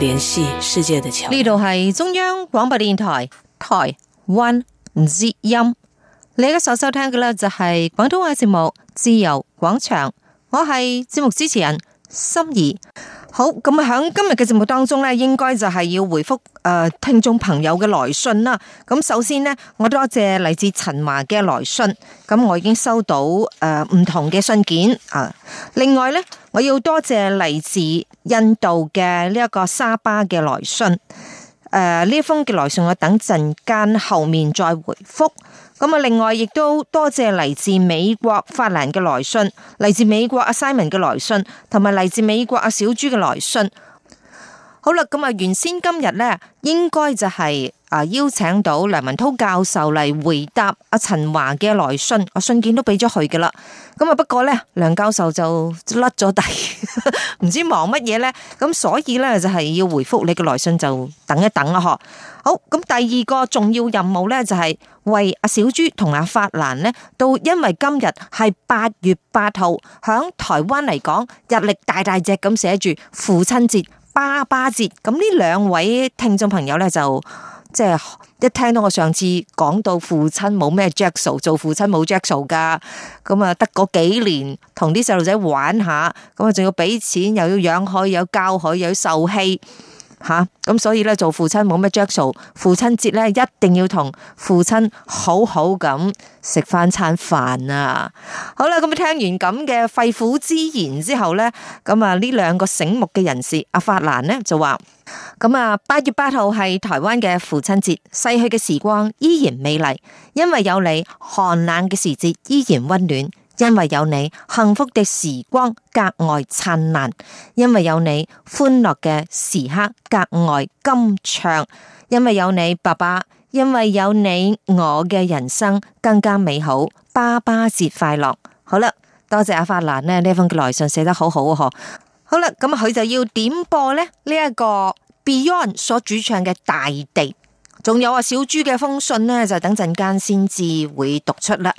聯繫世界的橋。呢度係中央廣播電台台灣之音。你而家所收聽嘅咧就係廣東話節目《自由廣場》，我係節目主持人心怡。好，咁啊！喺今日嘅節目當中咧，應該就係要回覆誒、呃、聽眾朋友嘅來信啦。咁首先呢，我多謝嚟自陳華嘅來信。咁我已經收到誒、呃、唔同嘅信件啊。另外呢，我要多謝嚟自印度嘅呢一個沙巴嘅來信。誒、呃，呢封嘅來信我等陣間後面再回覆咁啊！另外亦都多謝嚟自美國法蘭嘅來信，嚟自美國阿 Simon 嘅來信，同埋嚟自美國阿小朱嘅來信。好啦，咁啊，原先今日呢應該就係啊邀請到梁文濤教授嚟回答阿陳華嘅來信，信件都俾咗佢噶啦。咁啊，不過呢，梁教授就甩咗底，唔 知忙乜嘢呢。咁所以呢，就係要回復你嘅來信就等一等啊，呵。好，咁第二個重要任務咧就係、是、為阿小豬同阿法蘭呢，到因為今日係八月八號，響台灣嚟講，日曆大大隻咁寫住父親節、爸爸節，咁呢兩位聽眾朋友咧就即係、就是、一聽到我上次講到父親冇咩 jack so, 做父親冇 jack so 噶，咁啊得嗰幾年同啲細路仔玩下，咁啊仲要俾錢，又要養佢，又要教佢，又要受氣。吓咁、啊嗯，所以咧做父親冇乜著數。父親節咧一定要同父親好好咁食翻餐飯啊。好啦，咁、嗯、聽完咁嘅肺腑之言之後咧，咁、嗯、啊呢兩個醒目嘅人士阿、啊、法蘭咧就話咁、嗯、啊八月八號係台灣嘅父親節，逝去嘅時光依然美麗，因為有你，寒冷嘅時節依然溫暖。因為有你，幸福的時光格外燦爛；因為有你，歡樂嘅時刻格外酣暢。因為有你，爸爸；因為有你，我嘅人生更加美好。爸爸節快樂！好啦，多謝阿法蘭咧，呢封嘅來信寫得好好啊！嗬，好啦，咁佢就要點播呢？呢、這、一個 Beyond 所主唱嘅《大地》，仲有啊小豬嘅封信呢，就等陣間先至會讀出啦。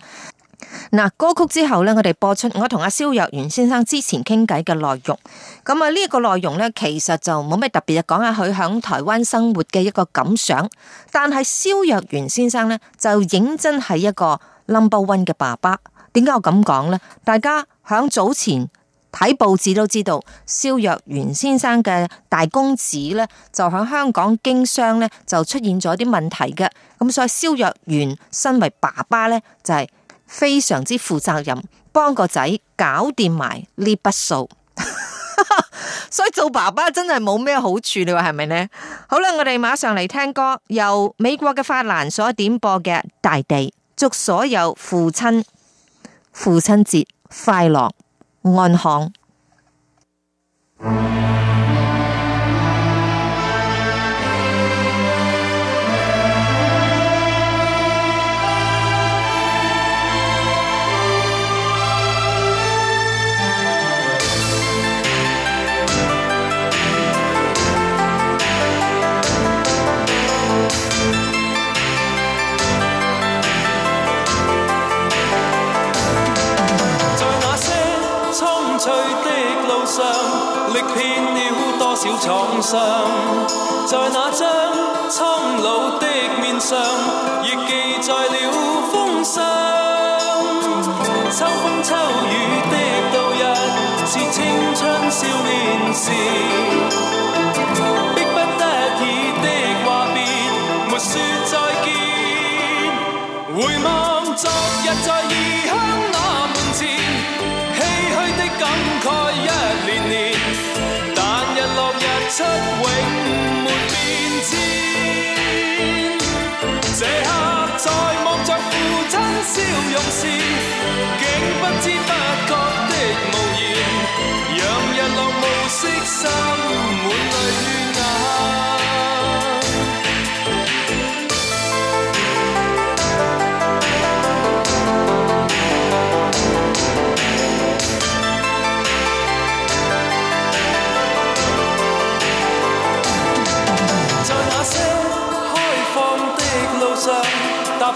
嗱，歌曲之後咧，我哋播出我同阿蕭若元先生之前傾偈嘅內容。咁啊，呢個內容咧，其實就冇咩特別嘅，講下佢響台灣生活嘅一個感想。但係蕭若元先生咧就認真係一個 number one 嘅爸爸。點解我咁講呢？大家響早前睇報紙都知道，蕭若元先生嘅大公子咧就響香港經商咧就出現咗啲問題嘅。咁所以蕭若元身為爸爸咧就係。非常之負責任，幫個仔搞掂埋呢筆數， 所以做爸爸真係冇咩好處，你話係咪呢？好啦，我哋馬上嚟聽歌，由美國嘅法蘭所點播嘅《大地》，祝所有父親父親節快樂，安康。上，在那張蒼老的面上，亦記載了風霜。秋風秋雨的度日，是青春少年時。迫不得已的話別，沒説再見。回望昨日在異鄉。出永沒變遷，這刻在望着父親笑容時，竟不知不覺的無言，讓日落暮色滲滿淚。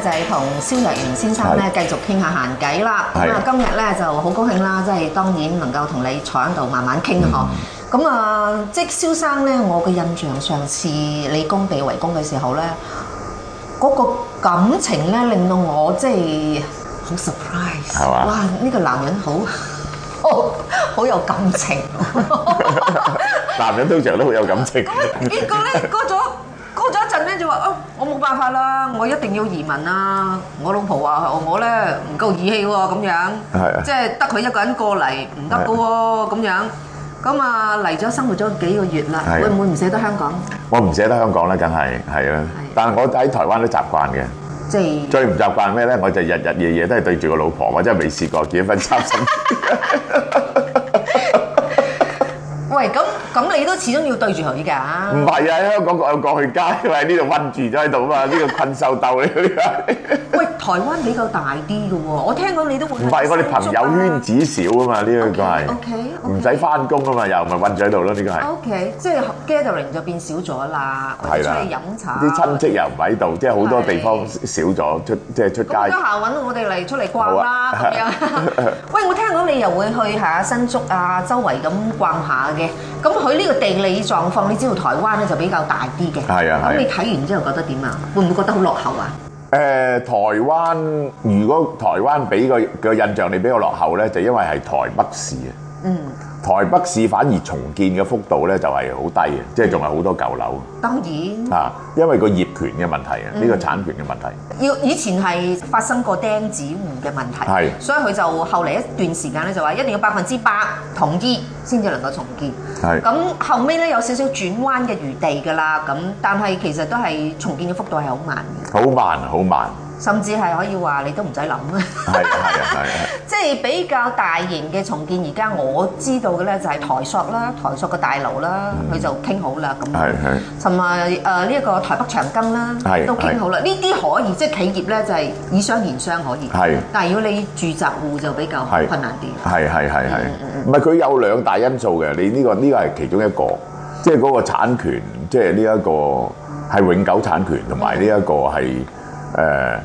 就係同蕭若元先生咧繼續傾下閒偈啦。咁啊是的，今日咧就好高興啦，即係當然能夠同你坐喺度慢慢傾啊！嗬。咁啊，即蕭生咧，我嘅印象上次李公被圍攻嘅時候咧，那個感情咧令到我真係好 surprise 哇！呢、這個男人好哦好有感情， 男人都常都好有感情。結果咧過咗。 我冇辦法啦，我一定要移民啊！我老婆話我咧唔夠義氣喎，咁樣，即係得佢一個人過嚟唔得噶喎，咁樣。咁啊嚟咗生活咗幾個月啦，會唔會唔捨得香港？我唔捨得香港咧，梗係係啊，但係我喺台灣都習慣嘅。即係最唔習慣咩咧？我就日日夜夜都係對住個老婆，我真係未試過結婚三十年。喂，咁。咁你都始終要對住佢㗎。唔係啊，香港各有各嘅街，喺呢度困住咗喺度嘛，呢個困獸鬥嚟㗎。喂，台灣比較大啲嘅喎，我聽講你都唔係，我哋朋友圈子少啊嘛，呢個係。O K，唔使返工啊嘛，又咪困住喺度咯，呢個係。O K，即係 gathering 就變少咗啦。係啦。即係飲茶。啲親戚又唔喺度，即係好多地方少咗，出即係出街。咁得閒揾我哋嚟出嚟逛啦，咁樣。喂，我聽講你又會去下新竹啊，周圍咁逛下嘅。咁。佢呢個地理狀況，你知道台灣咧就比較大啲嘅。係啊係啊。咁你睇完之後覺得點啊？會唔會覺得好落後啊？誒、呃，台灣如果台灣俾個印象你比較落後咧，就因為係台北市啊。嗯。台北市反而重建嘅幅度咧就係好低嘅，即係仲係好多舊樓。當然啊，因為個業權嘅問題啊，呢、嗯、個產權嘅問題，要以前係發生過釘子戶嘅問題，係是，所以佢就後嚟一段時間咧就話一定要百分之百同意先至能夠重建，係是。咁後尾咧有少少轉彎嘅餘地㗎啦，咁但係其實都係重建嘅幅度係好慢嘅，好慢好慢。甚至係可以話你都唔使諗啊係啊係啊係即係比較大型嘅重建，而家我知道嘅咧就係台塑啦，台塑嘅大樓啦，佢就傾好啦咁，係係，同埋誒呢一個台北長庚啦，係，都傾好啦。呢啲可以，即係企業咧就係以商言商可以，係。但係如果你住宅戶就比較困難啲，係係係係，唔係佢有兩大因素嘅，你呢個呢個係其中一個，即係嗰個產權，即係呢一個係永久產權同埋呢一個係。誒唔、呃、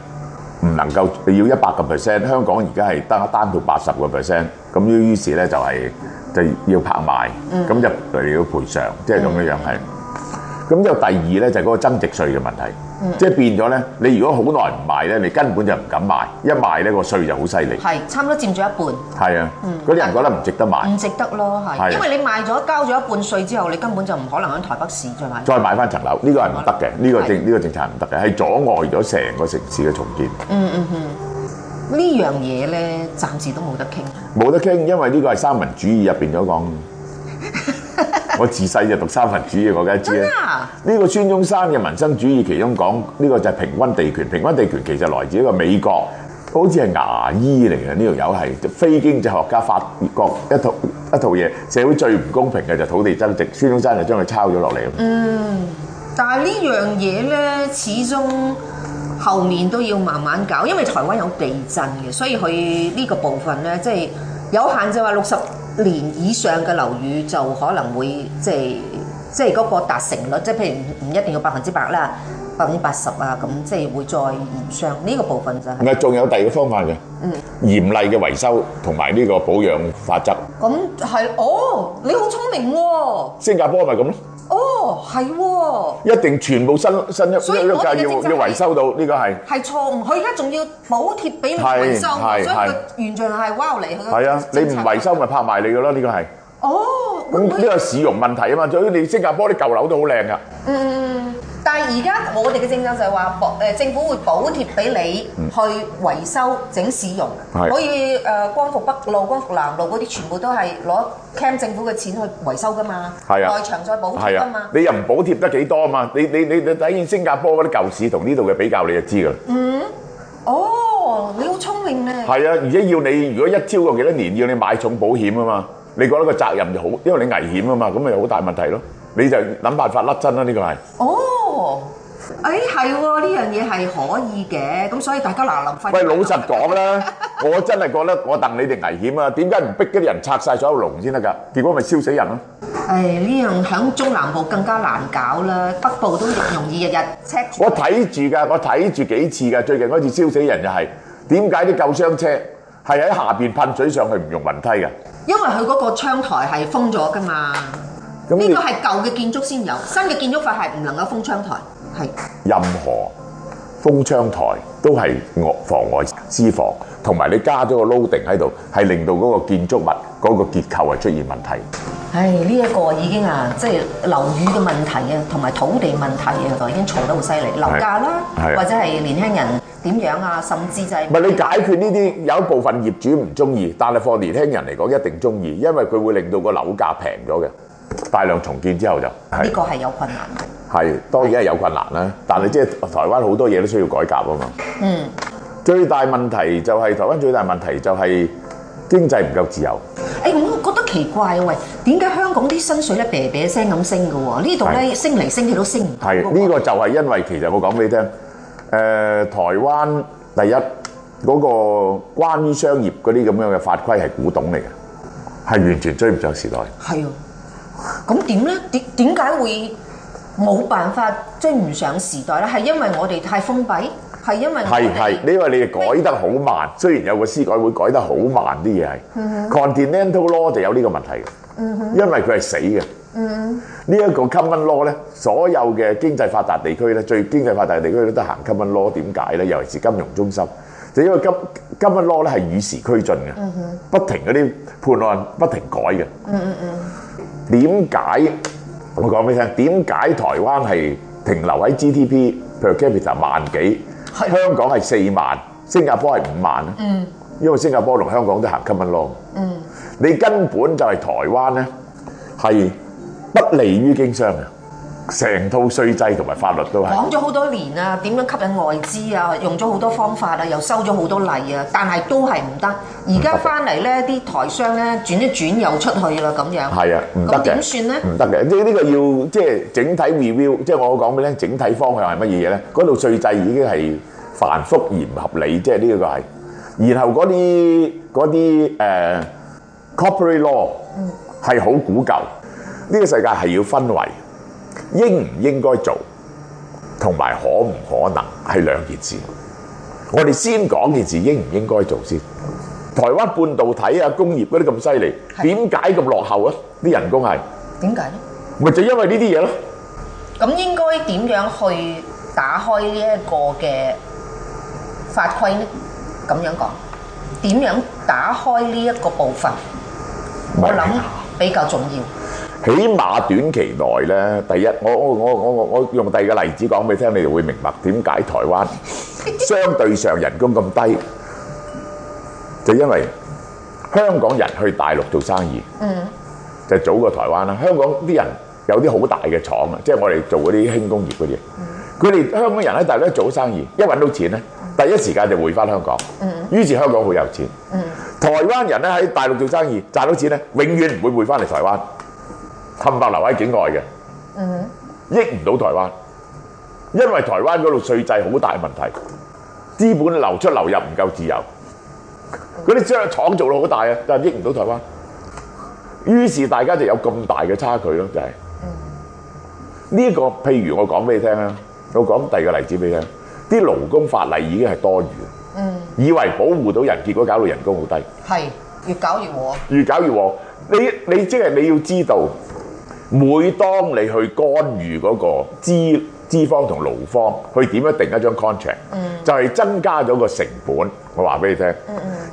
能夠你要一百個 percent，香港而家係單單到八十個 percent，咁於是咧就係、是、就要拍賣，咁、嗯、就嚟要賠償，即係咁嘅樣係。嗯咁就第二咧，就係、是、嗰個增值稅嘅問題，嗯、即係變咗咧。你如果好耐唔賣咧，你根本就唔敢賣。一賣咧，個稅就好犀利，係差唔多佔咗一半。係啊，嗰啲、嗯、人覺得唔值得買，唔值得咯，係。的因為你賣咗交咗一半稅之後，你根本就唔可能喺台北市買再買，再買翻層樓。呢、這個係唔得嘅，呢、這個政呢的個政策唔得嘅，係阻礙咗成個城市嘅重建。嗯嗯嗯，嗯嗯嗯樣呢樣嘢咧，暫時都冇得傾。冇得傾，因為呢個係三民主義入邊所講。我自細就讀三民主義，我梗知啦。呢個孫中山嘅民生主義，其中講呢、呢個就係平均地權。平均地權其實來自一個美國，好似係牙醫嚟嘅呢條友，係、呢個、非經濟學家發覺一套一套嘢。社會最唔公平嘅就土地增值，孫中山就將佢抄咗落嚟。嗯，但係呢樣嘢呢，始終後面都要慢慢搞，因為台灣有地震嘅，所以佢呢個部分呢，即、就、係、係、有限就話六十年以上嘅樓宇就可能會，即係即係嗰個達成率，即係譬如唔唔一定要百分之百啦。百分之八十啊，咁即係會再延上呢個部分咋？係咪仲有第二個方法嘅，嗯，嚴厲嘅維修同埋呢個保養法則。咁係哦，你好聰明喎！新加坡咪咁咯？哦，係，一定全部新新一，所以我哋要維修到呢個係係錯誤，佢而家仲要補貼俾維修，所以佢完全係哇嚟佢。係啊，你唔維修咪拍賣你噶咯？呢個係。哦，咁呢個市容問題啊嘛，仲有你新加坡啲舊樓都好靚噶。嗯，但係而家我哋嘅政策就係話，誒政府會補貼俾你去維修整市容，可、啊、以誒、呃、光復北路、光復南路嗰啲全部都係攞 Cam 政府嘅錢去維修噶嘛，啊、內牆再補貼噶嘛，、啊、嘛。你又唔補貼得幾多啊嘛？你你你睇見新加坡嗰啲舊市同呢度嘅比較你就知噶啦。嗯，哦，你好聰明咧。係啊，而且要你如果一超過幾多年，要你買重保險啊嘛。你覺得個責任就好，因為你危險啊嘛，咁咪好大問題咯。你就諗辦法甩親啦，呢個係。哦，誒係喎，呢樣嘢係可以嘅，咁所以大家嗱臨費事。喂，老實講啦，我真係覺得我戥你哋危險啊！點解唔逼啲人拆曬所有籠先得㗎？結果咪燒死人咯！誒，呢樣喺中南部更加難搞啦，北部都易容易日日 check。我睇住㗎，我睇住幾次㗎，最近嗰次燒死人就係，點解啲舊商車？係喺下邊噴水上去，唔用雲梯㗎，因為佢嗰個窗台係封咗噶嘛。呢個係舊嘅建築先有，新嘅建築法係唔能夠封窗台，係任何封窗台都係防外私房，同埋你加咗個 loading 喺度，係令到嗰個建築物嗰個結構係出現問題。唉，呢一個已經啊，即係樓宇嘅問題啊，同埋土地問題啊，就已經嘈得好犀利。樓價啦，是或者係年輕人點樣啊，甚至就係唔係你解決呢啲有一部分業主唔中意，但係放年輕人嚟講一定中意，因為佢會令到個樓價平咗嘅。大量重建之後就呢個係有困難嘅，係當然係有困難啦。但係即係台灣好多嘢都需要改革啊嘛。嗯。最大問題就係台灣最大問題就係經濟唔夠自由。誒，我覺得奇怪啊！喂，點解香港啲薪水咧啤啤聲咁升㗎喎？呢度咧升嚟升去都升唔到。呢個就係因為其實我講俾你聽，誒，台灣第一嗰個關於商業嗰啲咁樣嘅法規係古董嚟嘅，係完全追唔上時代。係啊，咁點咧？點點解會冇辦法追唔上時代咧？係因為我哋太封閉？係因為係係，因為你哋改得好慢。雖然有個司改會改得好慢，啲嘢係 continental law 就有呢個問題嘅，因為佢係死嘅。呢一個 common law 咧，所有嘅經濟發達地區咧，最經濟發達地區都得行 common law。點解咧？尤其是金融中心，就因為金 common law 咧係與時俱進嘅，不停嗰啲判案不停改嘅。點解我講俾你聽？點解台灣係停留喺 GDP per capita 萬幾？香港係四萬，新加坡係五萬，嗯，因為新加坡同香港都行 common law，嗯，你根本就係台灣咧，係不利於經商嘅。成套稅制同埋法律都係講咗好多年啦、啊，點樣吸引外資啊？用咗好多方法啦、啊，又收咗好多例啊，但係都係唔得。而家翻嚟咧，啲不行 台商咧轉一轉又出去啦，咁樣係啊，唔得嘅。咁點算咧？唔得嘅，即呢個要即係整體 review。即係我講畀你聽，整體方向係乜嘢嘢咧？嗰度稅制已經係繁複而唔合理，即係呢個係。然後嗰啲嗰啲誒、呃、corporate law 係好、嗯、古舊，呢、這個世界係要分為。應唔應該做，同埋可唔可能係兩件事。我哋先講件事，應唔應該做先。台灣半導體啊、工業嗰啲咁犀利，點解咁落後啊？啲人工係點解咧？咪就因為呢啲嘢咯。咁應該點樣去打開呢一個嘅法規呢？咁樣講，點樣打開呢一個部分？我諗比較重要。起碼短期內咧，第一我我我我我用第二個例子講俾你聽，你哋會明白點解台灣相對上人工咁低，就因為香港人去大陸做生意，嗯，就早過台灣啦。香港啲人有啲好大嘅廠啊，即係我哋做嗰啲輕工業嘅嘢。佢哋香港人喺大陸做生意一揾到錢咧，第一時間就回翻香港。嗯，於是香港好有錢。嗯，台灣人咧喺大陸做生意賺到錢咧，永遠唔會回翻嚟台灣。冚唪唥留喺境外嘅，mm hmm. 益唔到台灣，因為台灣嗰度稅制好大問題，資本流出流入唔夠自由，嗰啲製造廠做到好大啊，但係益唔到台灣。於是大家就有咁大嘅差距咯，就係、是、呢、mm hmm. 呢個。譬如我講俾你聽啦，我講第二個例子俾你聽，啲勞工法例已經係多餘，mm hmm. 以為保護到人，結果搞到人工好低，係越搞越和，越搞越和你你即係你，你，你，你要知道。每當你去干預嗰個資資方同勞方去點樣定一張 contract，就係增加咗個成本。我話俾你聽，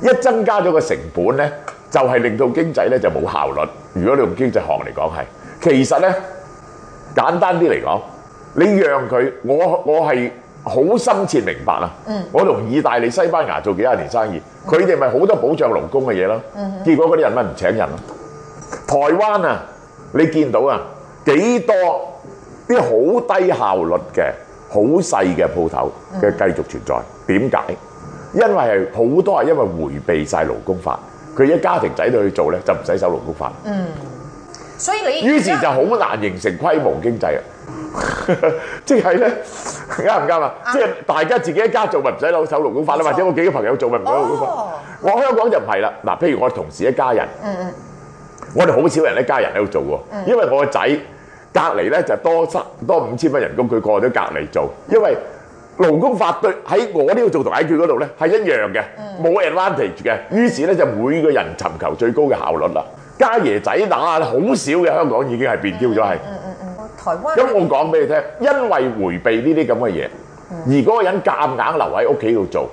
一增加咗個成本呢，就係令到經濟呢就冇效率。如果你用經濟學嚟講係，其實呢簡單啲嚟講，你讓佢我我係好深切明白啊。我同意大利、西班牙做幾廿年生意，佢哋咪好多保障勞工嘅嘢咯。結果嗰啲人咪唔請人咯。台灣啊！你見到啊幾多啲好低效率嘅、好細嘅鋪頭嘅繼續存在？點解？因為係好多係因為迴避晒勞工法，佢一、嗯、家庭仔女去做咧就唔使守勞工法。嗯，所以你於是就好難形成規模經濟啊！即係咧啱唔啱啊？即係、 嗯、大家自己一家做咪唔使攞守勞工法啦，錯或者我幾個朋友做咪唔使守勞工法。哦、我香港就唔係啦。嗱，譬如我同事一家人。嗯嗯。嗯我哋好少人一家人喺度做喎，因為我個仔隔離咧就多三多五千蚊人工，佢過咗隔離做，因為勞工法對喺我呢度做同喺佢嗰度咧係一樣嘅，冇 advantage 嘅。於是咧就每個人尋求最高嘅效率啦。家爺仔乸，好少嘅香港已經係變焦咗係。嗯嗯嗯，台灣。咁我講俾你聽，因為迴避呢啲咁嘅嘢，而嗰個人夾硬留喺屋企度做。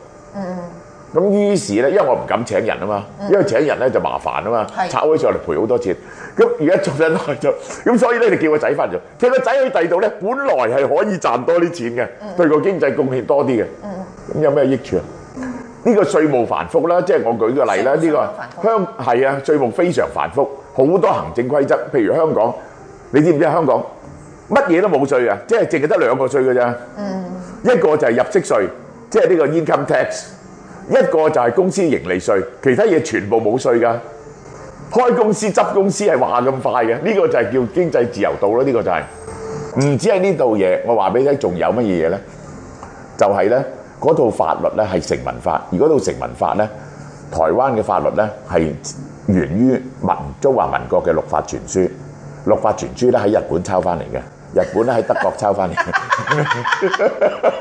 咁於是咧，因為我唔敢請人啊嘛，嗯、因為請人咧就麻煩啊嘛，炒起上嚟賠好多錢。咁而家最近就咁，所以咧你叫個仔返咗，佢個仔去第度咧，本來係可以賺多啲錢嘅，嗯、對個經濟貢獻多啲嘅。咁、嗯、有咩益處啊？呢、嗯、個稅務繁複啦，即、就、係、是、我舉個例啦，呢、這個香係啊，稅務非常繁複，好多行政規則。譬如香港，你知唔知香港乜嘢都冇稅啊？即係淨係得兩個稅噶啫？嗯、一個就係入息稅，即係呢個 income tax。一個就係公司營利稅，其他嘢全部冇稅噶。開公司執公司係話咁快嘅，呢、這個就係叫經濟自由度咯。呢、這個就係、是、唔止係呢度嘢，我話俾你聽，仲有乜嘢嘢咧？就係呢，嗰套法律呢係成文法，而果套成文法呢，台灣嘅法律呢係源於民、中華民國嘅《六法全書》，《六法全書》呢喺日本抄翻嚟嘅，日本咧喺德國抄翻嚟。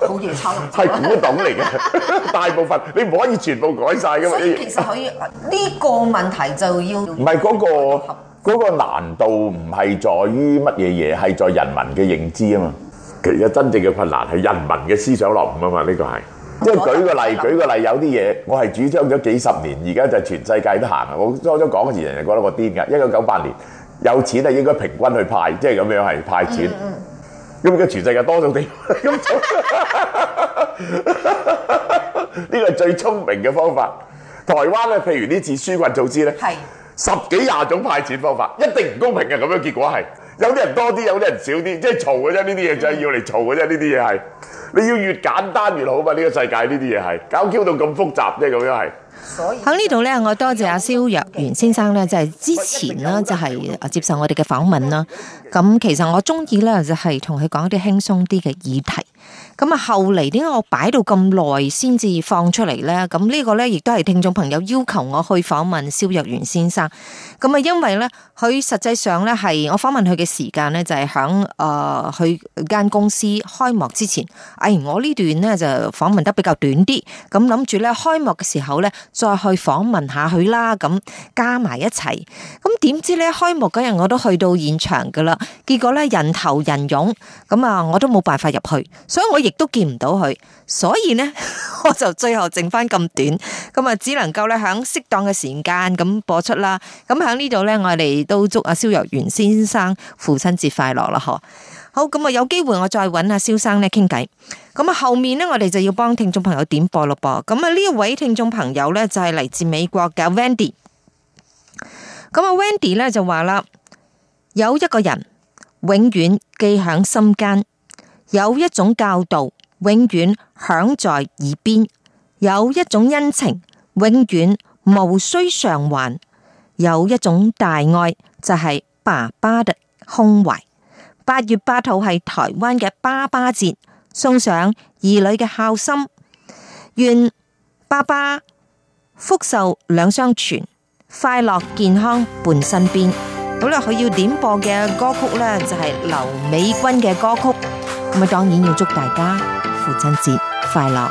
好原創，係古董嚟嘅， 大部分你唔可以全部改晒㗎嘛。其實可以呢 個問題就要唔係嗰個嗰個，個難度唔係在於乜嘢嘢，係在人民嘅認知啊嘛。嗯、其實真正嘅困難係人民嘅思想落伍啊嘛。呢、呢個係即係舉個例，嗯、舉個例，嗯、有啲嘢我係主張咗幾十年，而家就全世界都行啊。我初初講嘅時，人哋覺得我癲㗎。一九九八年有錢係應該平均去派，即係咁樣係派錢。嗯咁嘅全世界多種地方，呢個係最聰明嘅方法。台灣咧，譬如呢次紓困組織咧，係十幾廿種派錢方法，一定唔公平嘅。咁樣結果係有啲人多啲，有啲人少啲，即係嘈嘅啫。呢啲嘢就係要嚟嘈嘅啫。呢啲嘢係你要越簡單越好嘛。呢個世界呢啲嘢係搞 Q 到咁複雜啫，咁樣係。喺呢度咧，我多謝阿蕭若元先生咧，就係之前啦，就係接受我哋嘅訪問啦。咁其實我中意咧，就係同佢講一啲輕鬆啲嘅議題。咁啊，後嚟點解我擺到咁耐先至放出嚟咧？咁呢個咧，亦都係聽眾朋友要求我去訪問蕭若元先生。咁啊，因為咧，佢實際上咧係我訪問佢嘅時間咧，就係響誒佢間公司開幕之前。誒，我呢段呢，就訪問得比較短啲，咁諗住咧開幕嘅時候咧。再去訪問下佢啦，咁加埋一齊，咁點知咧，開幕嗰日我都去到現場噶啦，結果咧人頭人湧，咁啊我都冇辦法入去，所以我亦都見唔到佢，所以呢，我就最後剩翻咁短，咁啊只能夠咧響適當嘅時間咁播出啦，咁喺呢度呢，我哋都祝阿蕭若元先生父親節快樂啦，嗬，好，咁啊有機會我再揾阿蕭生呢傾偈。咁啊，後面呢，我哋就要幫聽眾朋友點播咯噃。咁啊，呢一位聽眾朋友呢，就係嚟自美國嘅 Wendy。咁啊，Wendy 咧就話啦，有一個人永遠記響心間，有一種教導永遠響在耳邊，有一種恩情永遠無需償還，有一種大愛就係爸爸的胸懷。八月八號係台灣嘅爸爸節。送上兒女嘅孝心，願爸爸福壽兩相全，快樂健康伴身邊。好啦，佢要點播嘅歌曲呢，就係劉美君嘅歌曲。咁啊，當然要祝大家父親節快樂。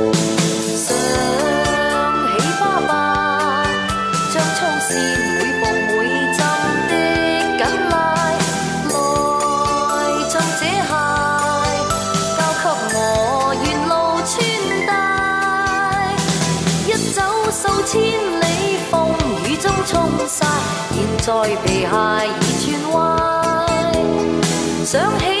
千里風雨中衝殺，現在皮鞋已穿歪。想起。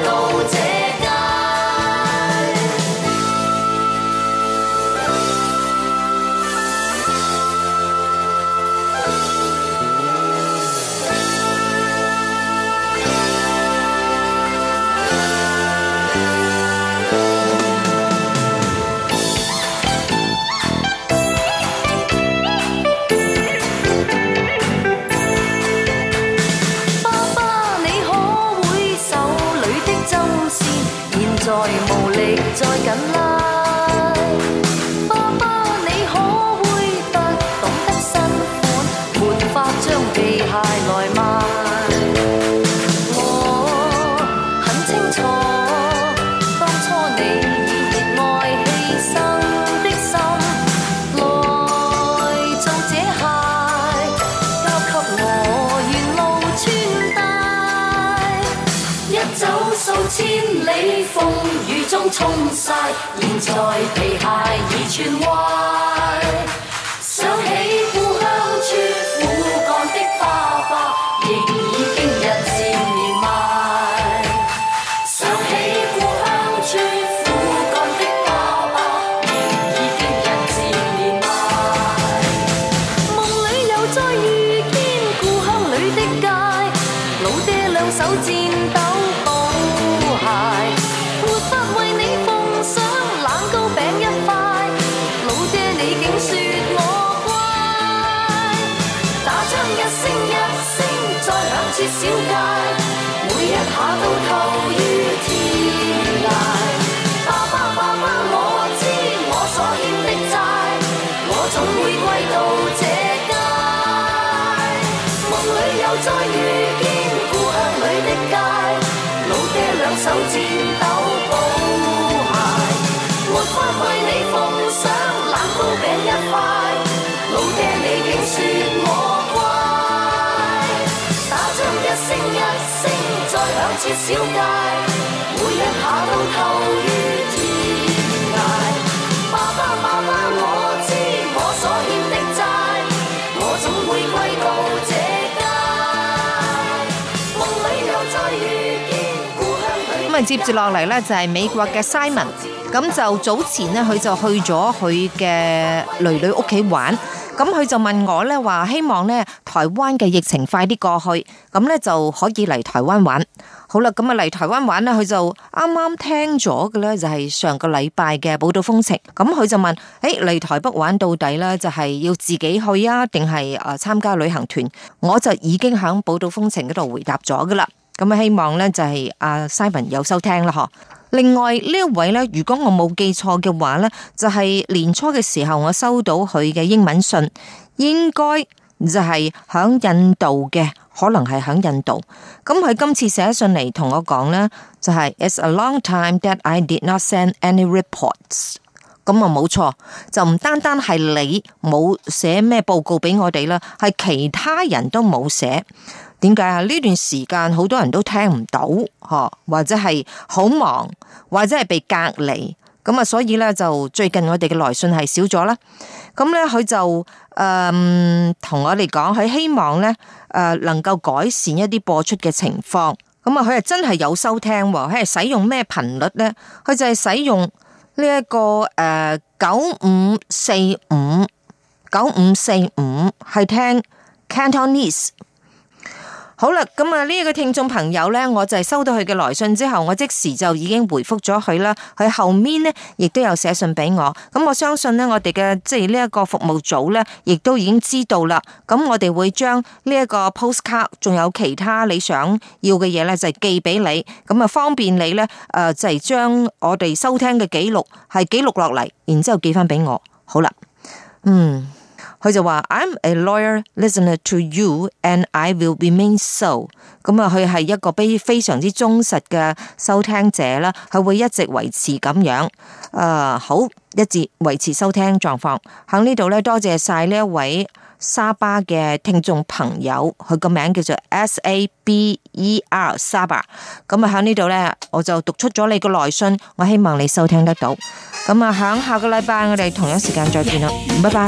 匆匆逝，現在皮鞋已穿歪。咁啊，接住落嚟呢就係美國嘅 Simon，咁就早前呢，佢就去咗佢嘅囡囡屋企玩。咁佢就問我呢話，希望呢台灣嘅疫情快啲過去，咁呢就可以嚟台灣玩。好啦，咁啊嚟台灣玩啦，佢就啱啱聽咗嘅咧，就係上個禮拜嘅《寶島風情》，咁佢就問，誒、欸、嚟台北玩到底咧，就係要自己去啊，定係誒參加旅行團？我就已經喺《寶島風情》嗰度回答咗㗎喇。咁啊，希望咧就係阿 Simon 有收聽啦，嗬。另外呢一位咧，如果我冇記錯嘅話咧，就係、是、年初嘅時候我收到佢嘅英文信，應該。就係喺印度嘅，可能係喺印度。咁佢今次寫信嚟同我講呢，就係 It's a long time that I did not send any reports。咁啊冇錯，就唔單單係你冇寫咩報告俾我哋啦，係其他人都冇寫。點解啊？呢段時間好多人都聽唔到，呵，或者係好忙，或者係被隔離。咁啊，所以咧就最近我哋嘅來信係少咗啦。咁咧佢就誒同我哋講，佢希望咧誒能夠改善一啲播出嘅情況。咁啊，佢係真係有收聽喎，佢係使用咩頻率咧？佢就係使用呢一個誒九五四五，九五四五係聽 Cantonese。好啦，咁啊呢一個聽眾朋友呢，我就係收到佢嘅來信之後，我即時就已經回覆咗佢啦。佢後面呢，亦都有寫信俾我，咁我相信呢，我哋嘅即係呢一個服務組呢，亦都已經知道啦。咁我哋會將呢一個 postcard，仲有其他你想要嘅嘢呢，就係、是、寄俾你，咁啊方便你呢，誒、呃、就係、是、將我哋收聽嘅記錄係記錄落嚟，然之後寄翻俾我。好啦，嗯。佢就話，I'm a lawyer listener to you，and I will remain so。咁啊，佢係一個非非常之忠實嘅收聽者啦。佢會一直維持咁樣，誒、呃，好，一直維持收聽狀況。喺呢度咧，多謝晒呢一位，沙巴嘅聽眾朋友，佢個名叫做 S A B E R 沙巴，咁啊響呢度呢，我就讀出咗你個來信，我希望你收聽得到。咁啊響下個禮拜我哋同一時間再見啦，拜拜。